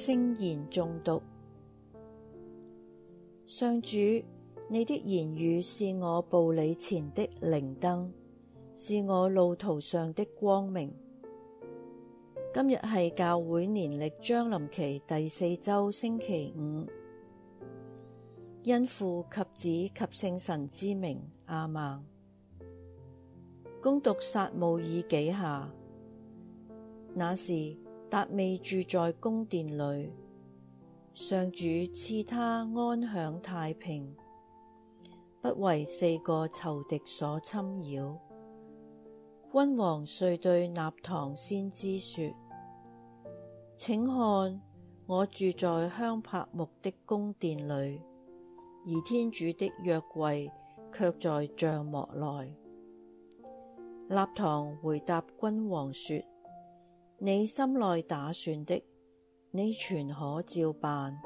聖言誦讀，上主，你的言語是我步履前的靈燈，是我路途上的光明。今日係教會年曆將臨期第四周星期五，因父及子及聖神之名，亞孟。恭讀撒慕爾紀下，那時。達味住在宮殿裡，上主賜他安享太平，不為四個仇敵所侵擾。君王遂對納堂先知說：請看，我住在香柏木的宮殿裡，而天主的約櫃卻在帳幕內。納堂回答君王說。你心內打算的，你全可照辦，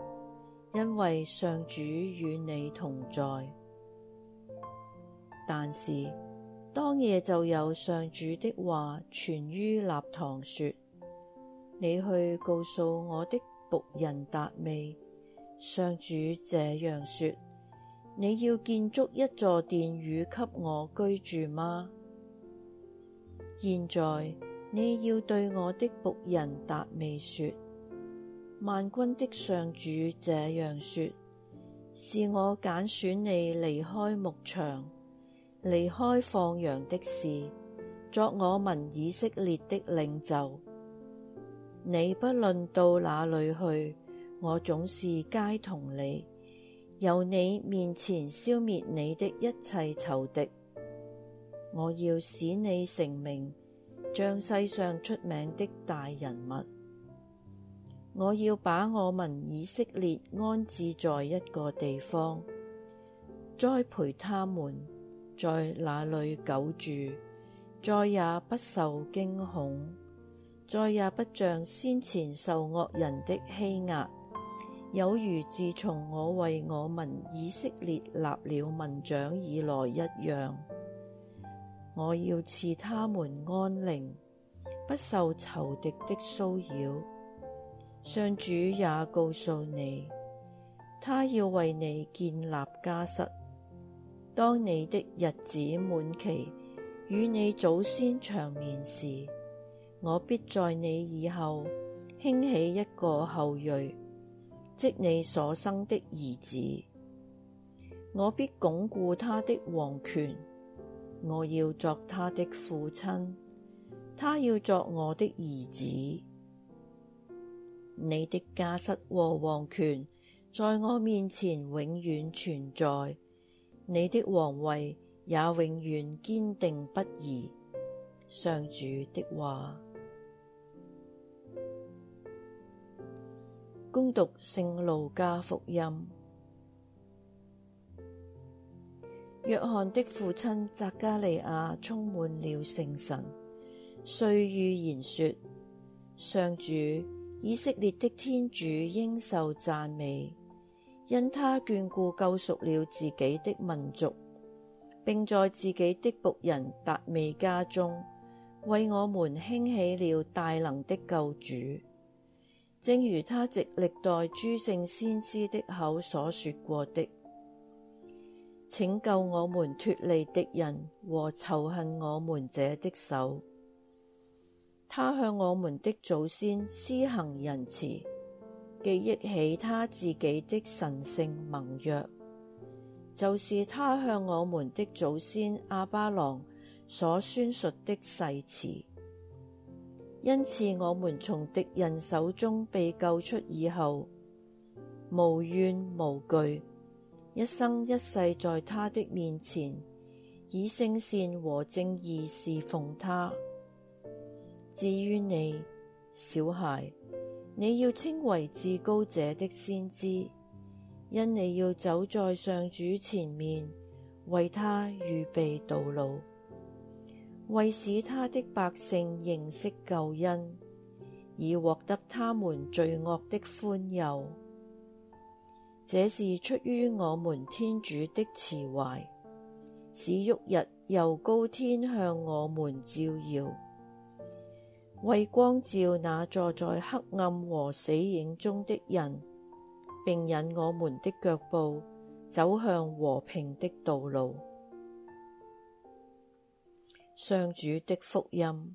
因為上主與你同在。但是當夜就有上主的話傳於納堂說：你去告訴我的僕人達味，上主這樣說：你要建築一座殿宇給我居住嗎？現在。你要對我的僕人達味說：萬軍的上主這樣說，是我揀選你離開牧場，離開放羊的事，作我民以色列的領袖。你不論到哪裡去，我總是偕同你，由你面前消滅你的一切仇敵。我要使你成名。像世上出名的大人物，我要把我民以色列安置在一個地方，栽培他們，在那裏久住，再也不受驚恐，再也不像先前受惡人的欺壓，有如自從我為我民以色列立了民長以來一樣。我要賜他們安寧，不受仇敵的騷擾。上主也告訴你，他要為你建立家室。當你的日子滿期，與你祖先長眠時，我必在你以後興起一個後裔，即你所生的兒子。我必鞏固他的王權。我要作他的父親，他要作我的兒子。你的家室和王權在我面前永遠存在，你的王位也永遠堅定不移。上主的話。恭讀聖路加福音。若翰的父親匝加利亞充滿了聖神，遂預言說：上主，以色列的天主應受讚美，因他眷顧救贖了自己的民族，並在自己的僕人達味家中，為我們興起了大能的救主，正如他藉歷代諸聖先知的口所說過的。拯救我們脫離敵人和仇恨我們者的手。他向我們的祖先施行仁慈，記憶起他自己的神聖盟約，就是他向我們的祖先亞巴郎所宣述的誓詞。因此，我們從敵人手中被救出以後，無怨無懼。一生一世，在他的面前，以聖善和正義事奉他。至於你，小孩，你要稱為至高者的先知，因你要走在上主前面，為他預備道路，為使他的百姓認識救恩，以獲得他們罪惡的寬宥。這是出於我們天主的慈懷，使旭日由高天向我們照耀，為光照那坐在黑暗和死影中的人，並引我們的腳步走向和平的道路。上主的福音。